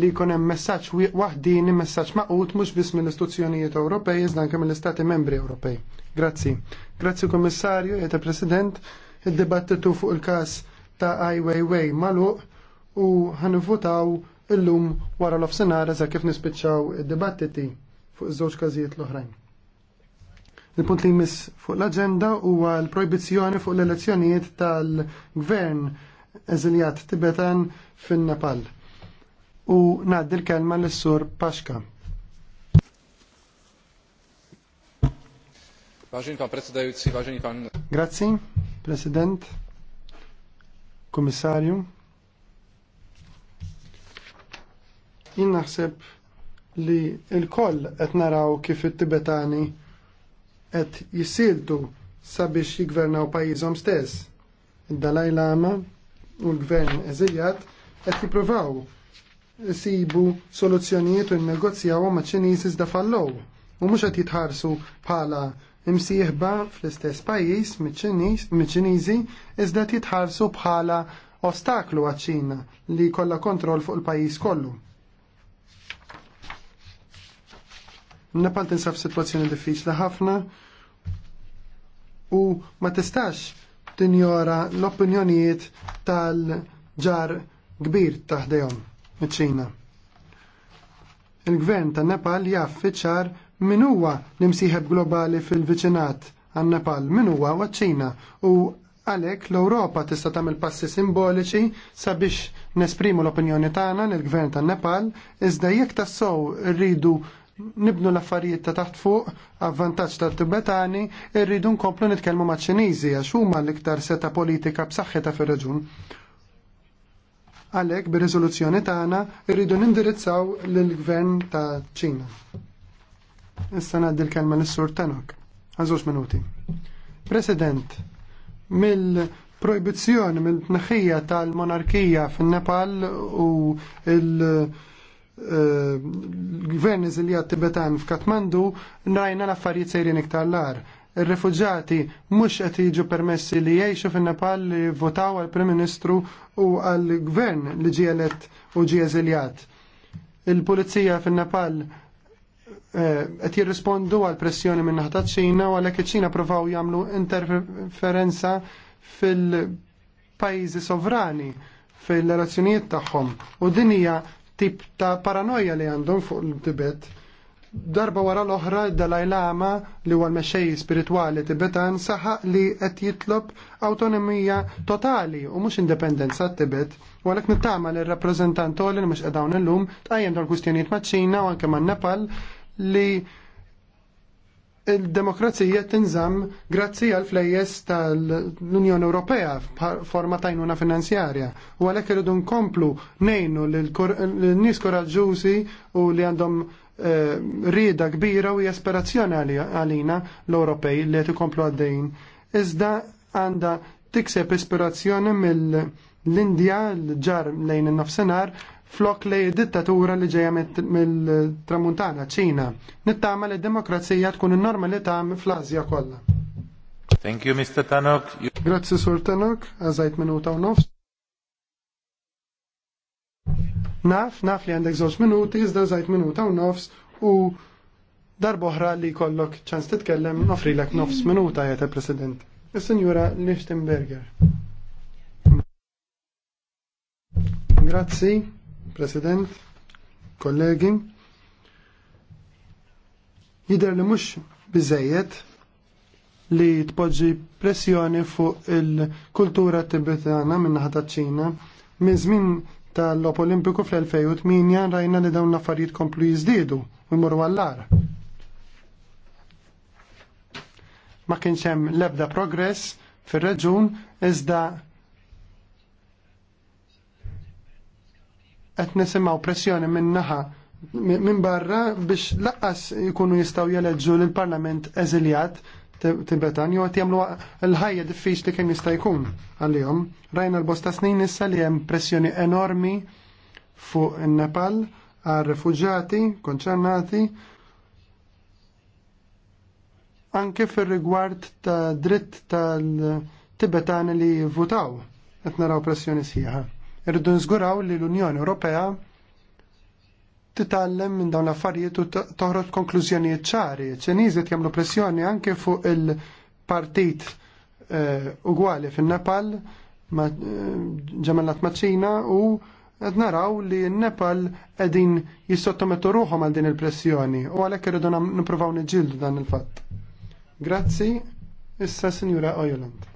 li jkun hemm messaġġ waħdini, messaġġ maqut mhux biss mill-istituzzjonijiet Ewropej iżda anke mill-Istati Membri Ewropej. Grazzi. Grazzi Kummissarju, Eta President, id-dibattitu fuq il-każ ta' Ai Weiwei Maluq u ħanifutaw illum wara l-ofsenar eża kif nispiċċaw id-dibattiti fuq iż-żewġ każijiet l-oħrajn. Il-punt li jmiss fuq l-agenda huwa l-projbizzjoni fuq l-elezzjonijiet tal-gvern eżiljat Tibetan fin-Nepal u ngħaddi l-kelma lis-sur Paxka. Grazzi Grazie, president, komissarju. Jien naħseb li l-koll qed naraw kif it-Tibetani qed jisiltu sabiex jigvernaw pajjiżhom stess. Id-Dalai Lama u l-Gvern eżiljat qed jippruvaw sibu soluzzjonijiet u negozjaw ma' ċiniż iżda fallow u mhux qed jitħarsu bħala imsieħba fl-istess pajjiż miċ-Ċiniżi iżda jitħarsu bħala ostaklu għacċina ċina li kolla kontroll fuq il-pajjiż kollu. Nepal tinsab situazzjoni diffiċli ħafna u ma tistax tinjora l-opinjonijiet tal-ġar kbir taħdejhom miċ-Ċina. Il-gvern ta' Nepal jaff fiċar min huwa l-imsieħeb globali fil-viċinat għan Nepal, min huwa ċina u għalek l-Europa tista' tagħmel passi simboliċi sabiex nesprimu l-opinjoni tagħna lill-Gvern tan Nepal iżda jekk tassow rridu nibnu l-affarijiet ta' taħt fuq avvantaġġ tat tibetani rridu nkomplu nitkellmu maċ-Ċiniżi għax huma l-iktar seta' politika b'saħħitha fir-reġun. Għalhekk bir-riżoluzzjoni tagħna rridu nindirizzaw lill-Gvern ta' Ċina. Issa ngħaddi l-kelma lis-Sur Tanok. Għażux minuti. President, mill projbizzjoni mill tneħħija tal-monarkija fin-Nepal u l eh, gvern iżiljat Tibetan f'Katmandu rajna l-affarijiet sejrin iktar lar ir refugġati mhux qed jiġu permessi li jgħixu fin-Nepal li votaw għall prim Ministru u għall gvern li ġie elett u ġie eżiljat. Il-pulizija fin-Nepal eh, qed jirrispondu għal pressjoni minn naħa ċina u għalhekk iċ-Ċina provaw jagħmlu interferenza fil-pajjiżi sovrani fil-relazzjonijiet tagħhom u din hija tip ta' paranoja li għandhom fuq il-Tibet darba wara l-oħra Dalai Lama li huwa l-mexxej spiritwali Tibetan saħaq li qed jitlob awtonomija totali u mhux indipendenza t-Tibet. U għalhekk nittama li r-rappreżentant li mhux qed hawn illum tqajjem dal-kwistjonijiet maċ-Ċina u anke man-Nepal li il-demokrazija tinżamm grazzi għal flejjes tal-Unjoni Ewropea forma tajnuna finanzjarja. U għalhekk irridu nkomplu nejnu l-nies koraġġużi u li għandhom Eh, rida kbira u jesperazzjoni għalina l-Ewropej li qed ikomplu għaddejn. Iżda għandha tikseb ispirazzjoni mill-Indja l-ġar lejn in-nofsinhar flok li dittatura li ġeja mill-tramuntana, ċina. Nittama li demokrazija tkun il-normalità fl-Azja kollha. Thank you, Mr. Tanok. Grazzi, Sur Tanok. Għazajt minuta u nofs. Naf, naf li għandek żewġ minuti, iżda żajt minuta u nofs u darboħra li kollok ċans titkellem l-ek nofs minuta jgħet il-President. Il-senjura Lichtenberger. Grazzi, President, kollegi. Jider li mux bizzejiet li tpoġġi pressjoni fuq il-kultura tibetana minn ħata ċina minn żmien tal-Lop Olimpiku fl-2008 rajna li dawn l-affarijiet komplu jizdidu u jmurru għallar. Ma kienx hemm l-ebda progress fir-reġun iżda qed nisimgħu pressjoni minn naħa minn barra biex laqqas jkunu jistgħu jeleġġu lill parlament eżiljat tibetan jew qed jagħmlu l-ħajja diffiċli kemm jista' jkun għalihom. Rajna l-bosta snin issa li hemm pressjoni enormi fuq in-Nepal għal refuġati konċernati anke fir-rigward ta' dritt tal-Tibetani li votaw qed naraw pressjoni sħiħa. Irridu nżguraw li l-Unjoni Ewropea Titallem minn dawn l-affarijiet u toħroġ konklużjonijiet ċari. Ċiniżi jagħmlu pressjoni anke fuq il-partit eh, ugwali fin-Nepal eh, ġemellat ma'ċina, u qed naraw li n-Nepal qegħdin jissottomettu ruħom għal din il-pressjoni u għalhekk irridu nippruvaw niġġieldu dan il-fatt. Grazzi, issa Sinjura Ojoland.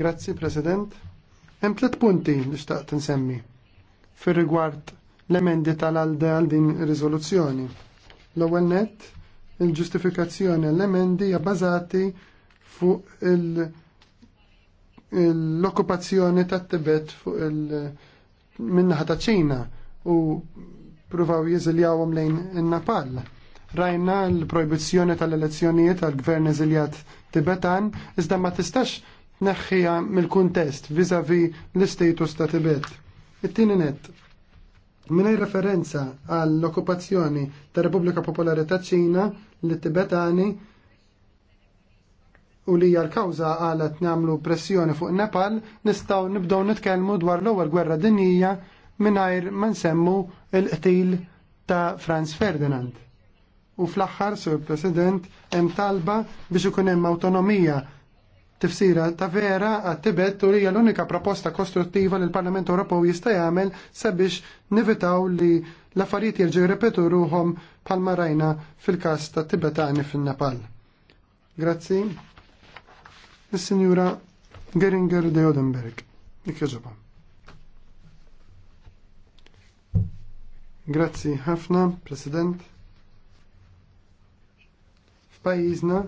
Grazzi, President. Hemm tliet punti li xtaqt insemmi fir-rigward l-emendi tal-alde għal din riżoluzzjoni. L-ewwel nett, il-ġustifikazzjoni l-emendi hija bażati fuq l-okkupazzjoni tat-Tibet fuq il-minnaħa ta' Ċina u pruvaw jeżiljawhom lejn in-Napal. Rajna l-proibizzjoni tal-elezzjonijiet tal-gvern eżiljat Tibetan, iżda ma tistax neħħija mill-kuntest vis-a-vi l-istatus ta' Tibet. It-tieni net, Minaj referenza għall-okkupazzjoni ta' Repubblika Popolari ta' Ċina li tibetani u li hija l-kawża għalet namlu pressjoni fuq Nepal nistgħu nibdew nitkellmu dwar l-ewwel gwerra dinjija mingħajr ma nsemmu l-qtil ta' Franz Ferdinand. U fl-aħħar, Sur President, hemm talba biex ikun hemm awtonomija tifsira ta' vera għat-Tibet u hija l-unika proposta kostruttiva li l-Parlament Ewropew jista' jagħmel sabiex nivitaw li l-affarijiet jerġgħu jirrepetu ruhom bħalma rajna fil-każ ta' Tibetani fin-Nepal. Grazzi. Is-Sinjura Geringer de Odenberg. Ikkeġoba. Grazzi ħafna, President. F'pajjiżna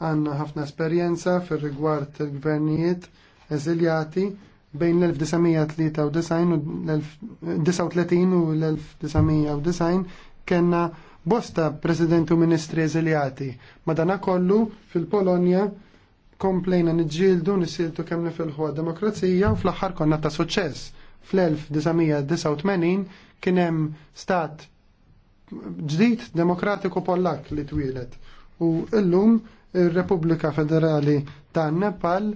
għanna ħafna esperjenza fir rigward il-gvernijiet eżiljati bejn l-1993 u l-1990 kena bosta President u ministri eżiljati. Madana kollu fil-Polonja komplejna nġildu nisiltu kemmi fil-ħuwa demokrazija u fl ħar konna ta' suċess. Fl-1989 kienem stat ġdid demokratiku pollak li twilet. U illum ir-Repubblika Federali tan Nepal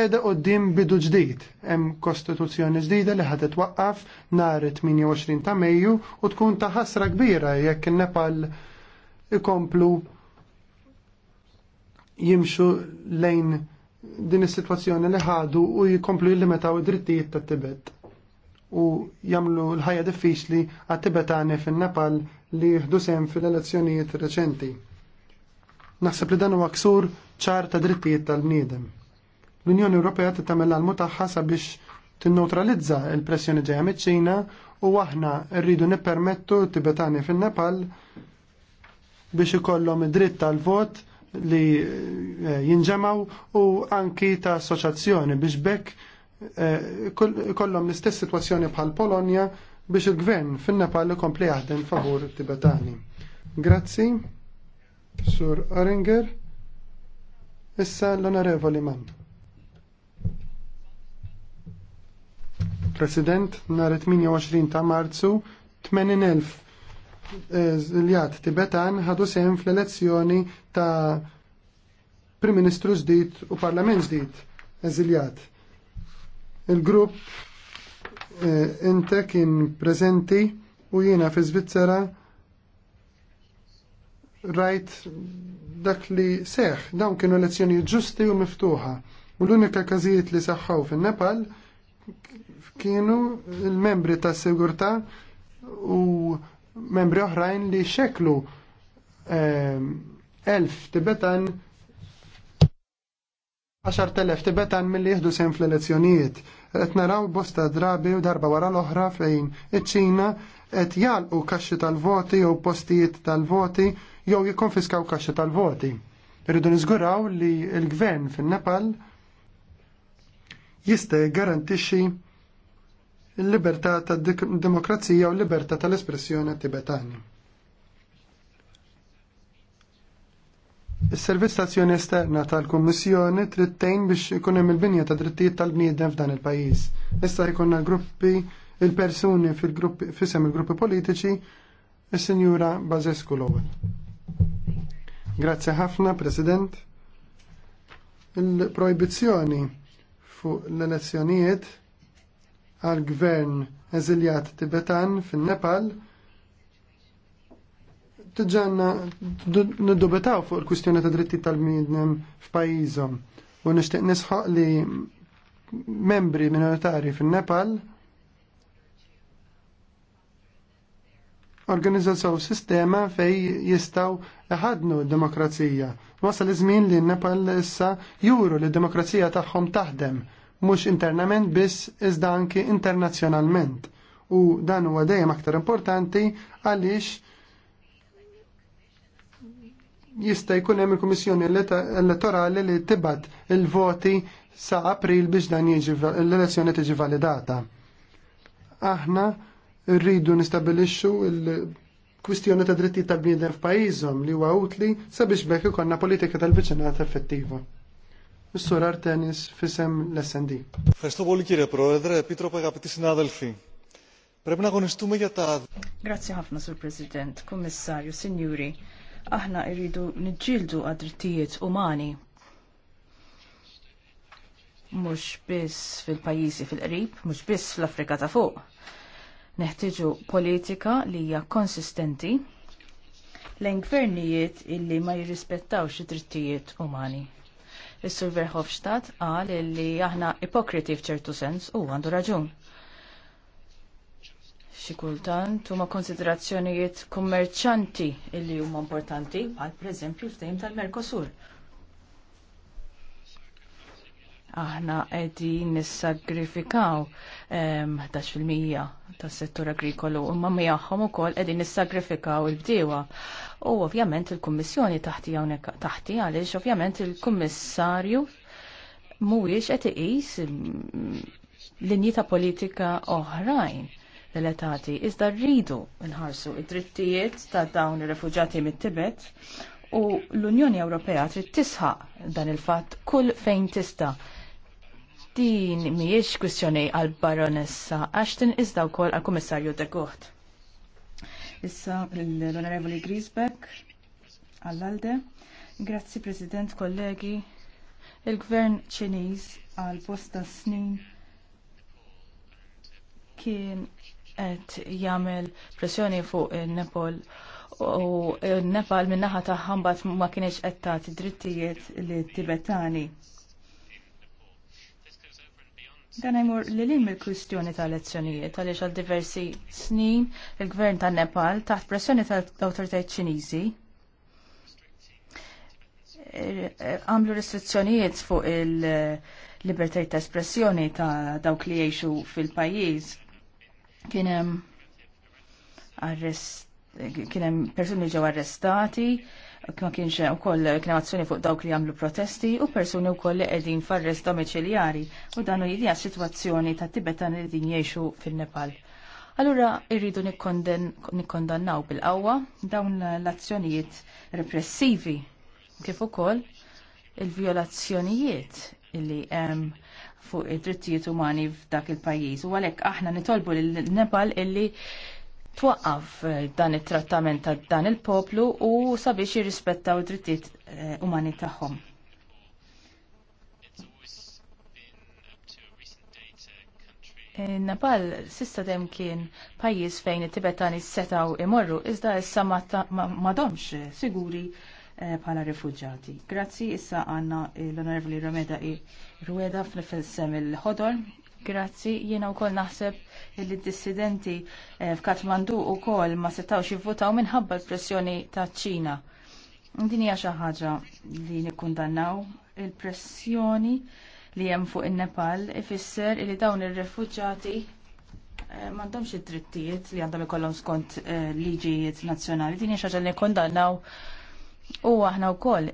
edha qoddim bidu ġdid. Hemm kostituzzjoni ġdida li ħad twaqqaf nar 28 ta' Mejju u tkun ta' ħasra kbira jekk in-Nepal ikomplu jimxu lejn din is-sitwazzjoni li ħadu u jikomplu jillimitaw id-drittijiet tat Tibet u jagħmlu l-ħajja diffiċli għat-Tibetani fin-Nepal li jieħdu sehem fil-elezzjonijiet reċenti. Naħseb li dan huwa ksur ċar ta' drittijiet tal-bniedem. L-Unjoni Ewropea tagħmel l tagħha sabiex tinneutralizza l-pressjoni ġejja miċ-Ċina u aħna rridu nippermettu tibetani fin-Nepal biex ikollhom dritt tal-vot li eh, jinġemaw u anki ta' assoċjazzjoni biex bekk eh, kollhom l-istess sitwazzjoni bħal Polonja biex il-gvern fin-Nepal ikompli jaħdem favur tibetani. Grazzi. Sur Aringer, issa l-Onorevoli Mann. President, nar 28 ta' Marzu, 80.000 eh, ziljat Tibetan ħadu sehem fl-elezzjoni ta' Prim Ministru ġdid u Parlament ġdid eżiljat. Il-grupp eh, inte kien prezenti u jiena fi Svizzera rajt dak li seħ, dawn kienu elezzjoni ġusti u miftuħa. U l-unika każijiet li seħħaw fin-Nepal kienu il-membri ta' sigurtà u membri oħrajn li xeklu ehm, elf tibetan 10.000 tibetan mill-li jihdu sen fl-elezzjonijiet. Et naraw bosta drabi u darba wara l-oħra fejn iċ-ċina et jalqu kaxxi tal-voti u postijiet tal-voti jew jikkonfiskaw kaxxa tal-voti. Irridu niżguraw li l-gvern fin-Nepal jista' jgarantixxi l-libertà tad-demokrazija u l-libertà tal-espressjoni tibetani. Is-servizz tazzjoni esterna tal-Kummissjoni trid biex ikun hemm il-binja ta' drittijiet tal-bniedem f'dan il-pajjiż. Issa jkollna gruppi il-persuni fil-gruppi fisem il-gruppi politiċi is-Sinjura Bazescu l-ewwel. Grazzi ħafna, President. Il-proibizzjoni fuq l-elezzjonijiet għal gvern eżiljat Tibetan fin-Nepal n-dubetaw fuq il-kustjoni ta' dritti tal-midnem f'pajjiżhom u nixtieq nisħaq li membri minoritari fin-Nepal organizzaw sistema fej jistaw ħadnu d-demokrazija. Wasal iż-żmien li Nepal issa juru li demokrazija tagħhom taħdem, mhux internament biss iżda anki internazzjonalment. U dan huwa dejjem aktar importanti għaliex jista' jkun hemm il-Kummissjoni Elettorali li tibat il-voti sa' April biex dan jiġi l-elezzjoni tiġi validata. Aħna rridu nistabilixxu il-kwistjoni ta' dritti tal-bniedem f'pajjiżhom li huwa utli sabiex bekk ikollna politika tal-viċinat effettiva. Missur Artenis fisem l-SND. Ευχαριστώ πολύ κύριε Πρόεδρε, Επίτροπε, αγαπητοί συνάδελφοι. Πρέπει να αγωνιστούμε για τα... Grazie ħafna, Sur President, Kommissarju, Signuri. Aħna irridu nġildu għadrittijiet umani. Mux biss fil pajjiżi fil-qrib, mux biss fl-Afrika ta' fuq Neħtiġu politika li hija konsistenti lejn gvernijiet illi ma jirrispettawx id-drittijiet umani. Is-Sur Verhofstadt qal li aħna ipokriti f'ċertu sens u għandu raġun. Xi kultant huma konsiderazzjonijiet kummerċanti illi huma importanti għal preżempju ftehim tal-Merkosur aħna qegħdin nissagrifikaw 11% ehm, tas-settur agrikolu imma u ukoll qegħdin nissagrifikaw il-bdiewa. U ovvjament il-Kummissjoni taħti hawnhekk taħti għaliex ovvjament il-Kummissarju mhuwiex qed iqis mm, linji ta' politika oħrajn l-etati Iżda rridu nħarsu id-drittijiet ta' dawn ir refugġati mit-Tibet u l-Unjoni Ewropea trid tisħaq dan il-fatt kull fejn tista' Din mhijiex kwistjoni għal baronessa Ashton iżda wkoll għal kummissarju de Gucht. Issa l-Onorevoli Grisbeck għall-Alde. Grazzi President, kollegi. Il-Gvern Ċiniż għal bosta snin kien qed jagħmel pressjoni fuq in-Nepal u n-Nepal min-naħa mbagħad ma kienx qed tagħti drittijiet lit Tibetani. Dan jmur li lim il-kwistjoni tal elezzjonijiet għaliex għal diversi snin il-gvern ta' Nepal taħt pressjoni tal-autoritajt ċiniżi eh, għamlu restrizzjonijiet fuq il-libertajt ta' espressjoni ta' dawk li jiexu fil-pajjiż. kienem arrest kien hemm persuni ġew arrestati ma kienx u koll kremazzjoni fuq dawk li għamlu protesti u persuni u koll li farres farrest domiciliari u danu jidja situazzjoni ta' Tibetan li din jiexu fil-Nepal. Allura irridu nikkondannaw bil-qawwa dawn l-azzjonijiet repressivi kif ukoll il-vjolazzjonijiet illi hemm fuq id-drittijiet umani f'dak il-pajjiż. U għalhekk aħna nitolbu lil Nepal illi twaqqaf eh, dan it-trattament ta' dan il-poplu u sabiex jirrispettaw id-drittijiet eh, umani tagħhom. Eh, Nepal sista dem kien pajjiż fejn it-Tibetani setaw imorru, iżda issa madomx siguri bħala rifugġati. Grazzi issa għanna l-Onorevoli Romeda i Rueda fl sem il-ħodor Grazzi, jiena wkoll naħseb li d-dissidenti eh, f'Katmandu wkoll ma setaw jivvotaw minħabba l-pressjoni taċ ċina. Din hija xi ħaġa li nikkundannaw il-pressjoni li hemm fuq in-Nepal ifisser li dawn ir refugġati eh, m'għandhomx id-drittijiet li għandhom ikollhom skont eh, liġijiet nazzjonali. Din hija xi ħaġa li nikkundannaw U aħna u koll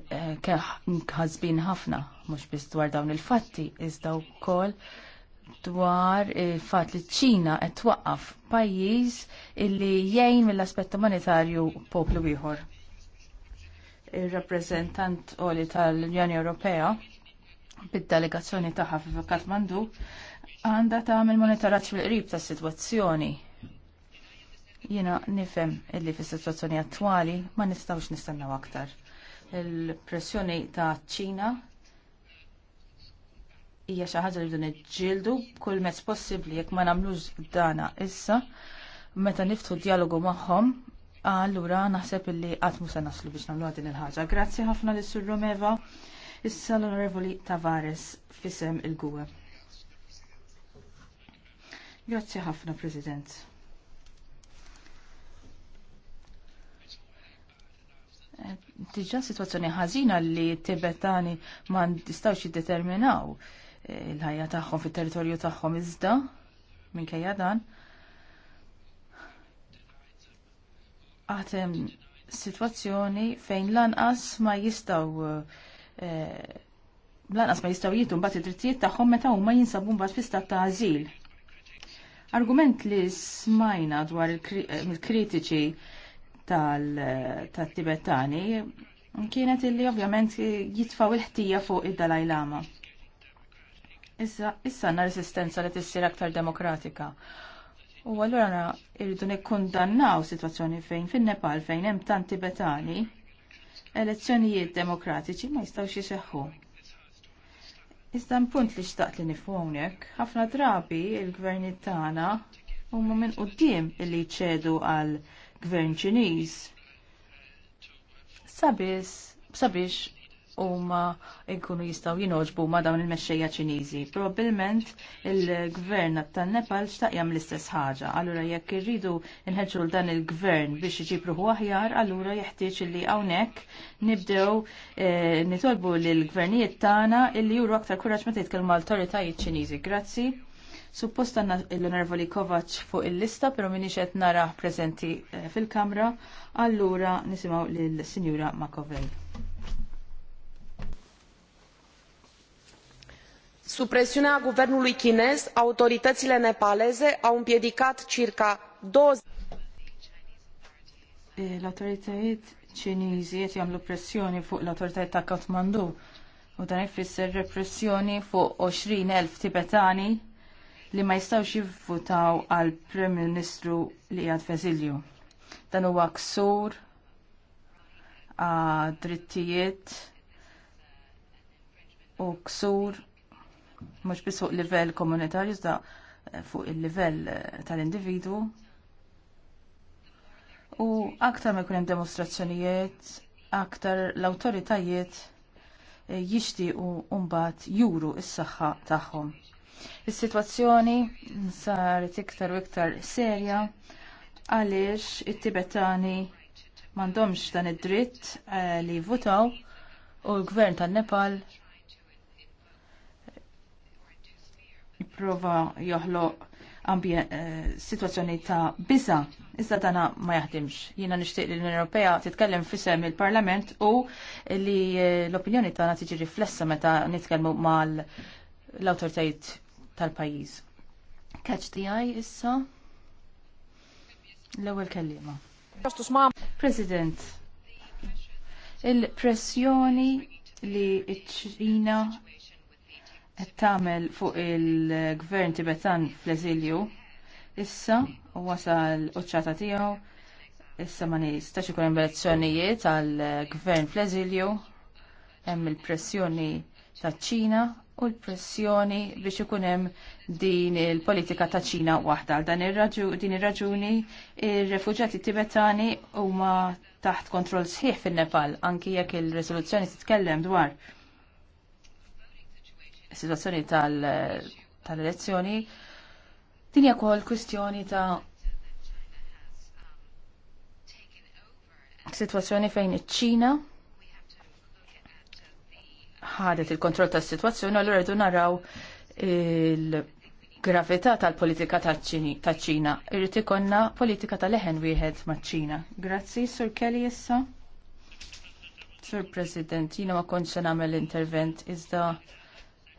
kħazbin ħafna, mux biss dwar dawn il-fatti, iżda u koll dwar il-fat li ċina qed twaqqaf pajjiż illi jgħin mill-aspett umanitarju poplu ieħor. Ir-rappreżentant oli tal-Unjoni Ewropea bid-delegazzjoni tagħha fi Katmandu għandha tagħmel monitoraġġ fil-qrib tas-sitwazzjoni. Jiena nifhem illi fis-sitwazzjoni attwali ma nistgħux nistennew aktar. Il-pressjoni ta' ċina hija xi ħaġa li bdu niġġieldu kull mezz possibbli jekk ma nagħmlux dana issa meta niftu dialogu magħhom allura naħseb illi qatt mhux se naslu biex nagħmluha din il-ħaġa. Grazzi ħafna lis sur Romeva. Issa l-Onorevoli Tavares fisem il-Gwe. Grazzi ħafna, President. Diġà sitwazzjoni ħażina li t-Tibetani ma nistgħux jiddeterminaw il-ħajja tagħhom fit-territorju tagħhom iżda minkejja dan. Għatem situazzjoni fejn lanqas ma jistaw eh, lanqas ma jistaw jitu mbagħad id-drittijiet tagħhom meta huma jinsabu mbagħad fi stat ta' ażil. Argument li smajna dwar eh, il-kritiċi tal-Tibetani eh, kienet illi ovvjament jitfaw il-ħtija fuq id dalajlama Lama. Issa, issa għanna resistenza li tissir aktar demokratika. U għallura irridu nikkundannaw situazzjoni fejn fin-Nepal fejn hemm tant Tibetani elezzjonijiet demokratiċi ma jistawx jiseħħu. Iżda punt li xtaqt li nifwonek, ħafna drabi il-gvern tagħna huma minn quddiem illi jċedu għal gvern Ċiniż. sabiex huma jkunu jistgħu jinoġbu ma' dawn il-mexxejja Ċiniżi. Probabilment il-gvern tan-Nepal xtaq jagħmel l-istess ħaġa. Allura jekk irridu nħeġġu dan il-gvern biex iġibruħu aħjar, allura jeħtieġ li hawnhekk nibdew eh, nitolbu lill-gvernijiet tagħna illi juru aktar kuraġġ meta jitkellmu l-awtoritajiet Ċiniżi. Grazzi. Suppost għanna l-onorvoli Kovac fuq il-lista, pero minix qed nara prezenti eh, fil-kamra, allura nisimaw lill-Sinjura Makovej. sub presiunea guvernului chinez autorităile nepaleze au împiedicat circa douăzeci eh, l-autoritajiet ċiniżi qed jagħmlu pressjoni fuq l-awtoritajiet ta' Katmandu u dan ifisser repressjoni fuq 20,000 Tibetani li ma jistgħux jivvutaw għal Prim Ministru li għad f'eżilju. Dan huwa ksur għad drittijiet u ksur mhux biss fuq livell komunitarju iżda eh, fuq il-livell eh, tal-individu. U aktar ma jkun hemm demostrazzjonijiet, aktar l-awtoritajiet eh, jixtiequ mbagħad juru s-saħħa tagħhom. Is-sitwazzjoni saret iktar u iktar serja għaliex it-Tibetani m'għandhomx dan id-dritt li votaw u l-gvern tan-Nepal jipprova uh, situazzjoni ta' biza. Iżda dana ma jaħdimx. Jiena nixtieq li l-Unjoni Ewropea titkellem fisem il-Parlament u li eh, l-opinjoni tagħna tiġi riflessa meta nitkellmu mal l autoritajt tal-pajjiż. Catch the eye issa. L-ewwel kellima. President, il-pressjoni li ċ-Ċina tamel fuq il-gvern Tibetan fl-eżilju issa u wasal uċċata tiegħu issa ma nistax ikun hemm elezzjonijiet għall gvern fl-eżilju hemm il-pressjoni taċ ċina u l-pressjoni biex ikun hemm din il-politika ta' ċina waħda. din ir-raġuni ir-refuġjati Tibetani huma taħt kontroll sħiħ fin-Nepal anki jekk il-resoluzzjoni titkellem dwar situazzjoni tal-elezzjoni, din hija wkoll kwistjoni ta' situazzjoni fejn iċ-Ċina ħadet il-kontroll tas-sitwazzjoni, allura rridu naraw il-gravità tal-politika taċ-Ċina. Irrid ikonna politika tal-leħen wieħed maċ-Ċina. Grazzi, Sur Kelly issa. Sur President, jina ma konċ nagħmel intervent iżda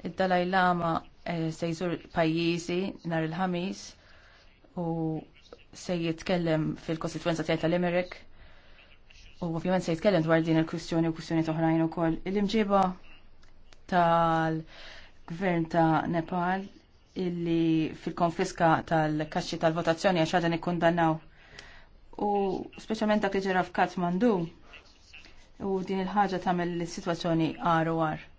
id dalai Lama eh, se jżur pajjiżi nhar il-ħamis u se jitkellem fil-kostituenza tiegħi tal imerik U ovvjament se jitkellem dwar din il-kwistjoni u kwistjoni oħrajn ukoll. Il-imġiba tal-Gvern ta' Nepal illi fil-konfiska tal-kaxxi tal-votazzjoni għax għadan ikkundannaw. U speċjalment dak li ġara f'Katmandu u din il-ħaġa tagħmel is-sitwazzjoni għar u għar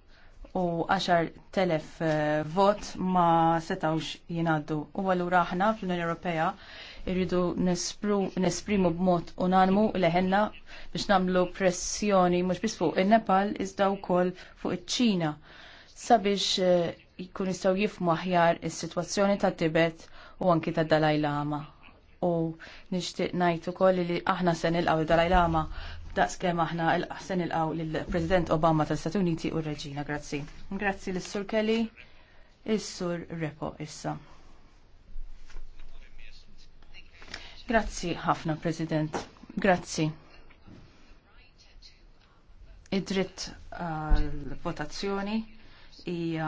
u 10.000 eh, vot ma setawx jinaddu. U għallura aħna fl-Unjoni Ewropea irridu nesprimu b'mod unanimu leħenna biex namlu pressjoni mhux biss fuq in-Nepal iżda wkoll fuq iċ-Ċina sabiex eh, jkun jistaw jifhmu aħjar is-sitwazzjoni ta' Tibet u anki ta' Dalai Lama. U nixtieq ngħid ukoll li aħna se nilqgħu Dalai Lama daqskemm aħna l il ilqaw lill-President Obama tal-Stati Uniti u r-Reġina, grazzi. Grazzi l-Sur Kelly, il-Sur Repo issa. Grazzi ħafna, President. Grazzi. Id-dritt l votazzjoni hija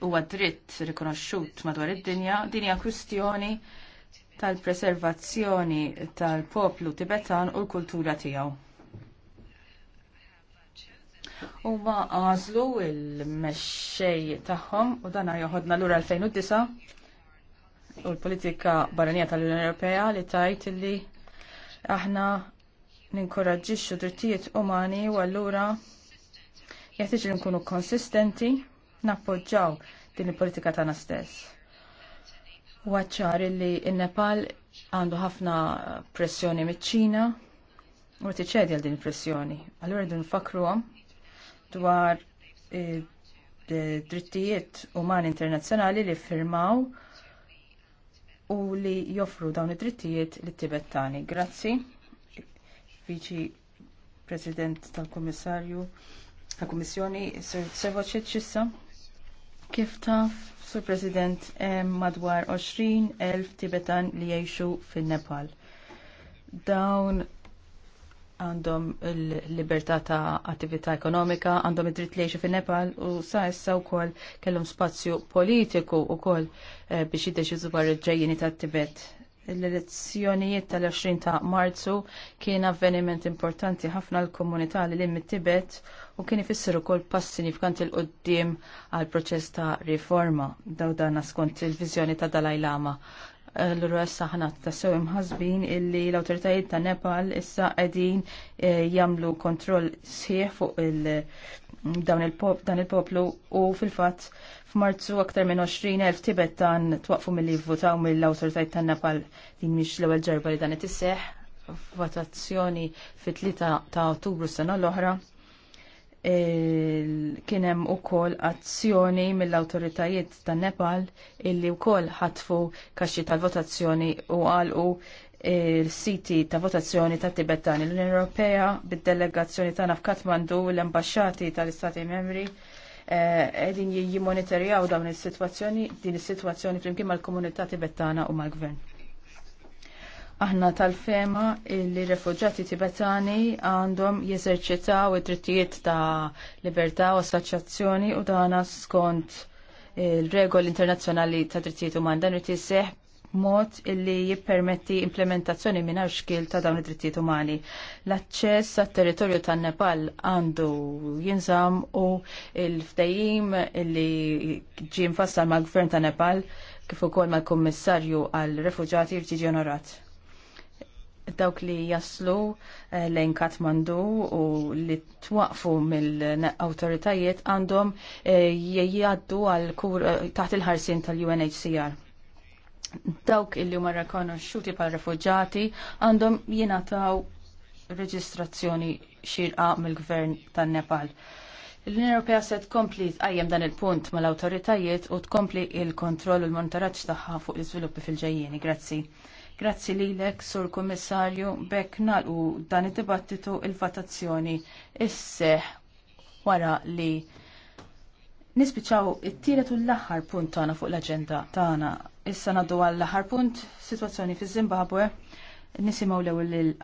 huwa dritt rikonoxxut madwar id-dinja, din hija kwistjoni tal-preservazzjoni tal-poplu Tibetan u l-kultura tiegħu huma għażlu il-mexxej tagħhom u dan joħodna lura 2009 u l-politika barranija tal-Unjoni Ewropea li tajt li aħna ninkoraġġixxu drittijiet umani u allura jeħtieġ li nkunu konsistenti nappoġġaw din il-politika tagħna stess. Waċċar li n-Nepal għandu ħafna pressjoni miċ-Ċina u tiċċedi għal din il pressjoni. Allura din fakru dwar drittijiet umani internazzjonali li firmaw u li joffru dawn id-drittijiet li tibettani. Grazzi, Viċi President tal-Kummissarju tal-Kummissjoni, Sir ċissa. Kif taf, Sur President, madwar 20.000 Tibetan li jgħixu fin-Nepal. Dawn għandhom il-libertà ta' attività ekonomika, għandhom id-dritt lejxi fi Nepal u sa' issa wkoll kellhom spazju politiku wkoll kol eh, biex jiddeċiżu dwar il-ġejjini ta' Tibet. L-elezzjonijiet tal-20 ta' Marzu kien avveniment importanti ħafna l-komunità li lim tibet u kien ifisser ukoll pass sinifikant il qoddim għal proċess ta' riforma daw dan skont il-viżjoni ta' Dalai Lama l rwess saħna ħana sew imħazbin illi l-autoritajiet ta' Nepal issa qegħdin eh, jagħmlu kontroll sħiħ fuq il dan il-poplu u fil-fatt f'Marzu aktar minn 20,000 Tibetan twaqfu milli votaw mill-autoritajiet ta' Nepal din mhix l-ewwel ġerba li dan it votazzjoni fit-3 ta' Ottubru sena l-oħra kienem u kol azzjoni mill-autoritajiet ta' Nepal illi u kol ħatfu kaxi tal-votazzjoni u għalqu il-siti ta' votazzjoni ta' Tibetani. L-Unjoni Ewropea bid-delegazzjoni ta' Katmandu l-ambasċati tal-Istati membri edin eh, jimmonitorjaw dawn il-situazzjoni, din il-situazzjoni flimkien mal-komunità Tibetana u mal-gvern. Aħna tal-fema li refugġati tibetani għandhom jeżerċitaw id-drittijiet ta' libertà u assoċjazzjoni u dana skont il-regoli internazzjonali ta' drittijiet umani dan irid jiseħ mod illi jippermetti implementazzjoni mingħajr xkil ta' dawn id-drittijiet umani. L-aċċess għat territorju tan Nepal għandu jinżam u l fdejim illi ġie mfassal mal-gvern ta' Nepal kif ukoll mal-Kummissarju għal refuġati fġiġi onorat dawk li jaslu eh, lejn Katmandu u li twaqfu mill-autoritajiet għandhom eh, jgħaddu għal kur eh, taħt il-ħarsin tal-UNHCR. Dawk illi huma rekonoxxuti bħal refuġati għandhom jingħataw reġistrazzjoni xirqa mill-gvern tan-Nepal. L-Unjoni Ewropea se tkompli tqajjem dan il-punt mal-awtoritajiet u tkompli il-kontroll u l-monitoraġġ tagħha fuq l-iżviluppi fil-ġejjieni. Grazzi. Grazzi lilek, Sur Kommissarju, bekk nalqu dan id-dibattitu il-votazzjoni isseħ wara li nispiċaw it-tielet u l-aħħar punt tagħna fuq l-aġenda tagħna. Issa ngħaddu għall-aħħar punt, sitwazzjoni fiż-Zimbabwe, nisimgħu l-ewwel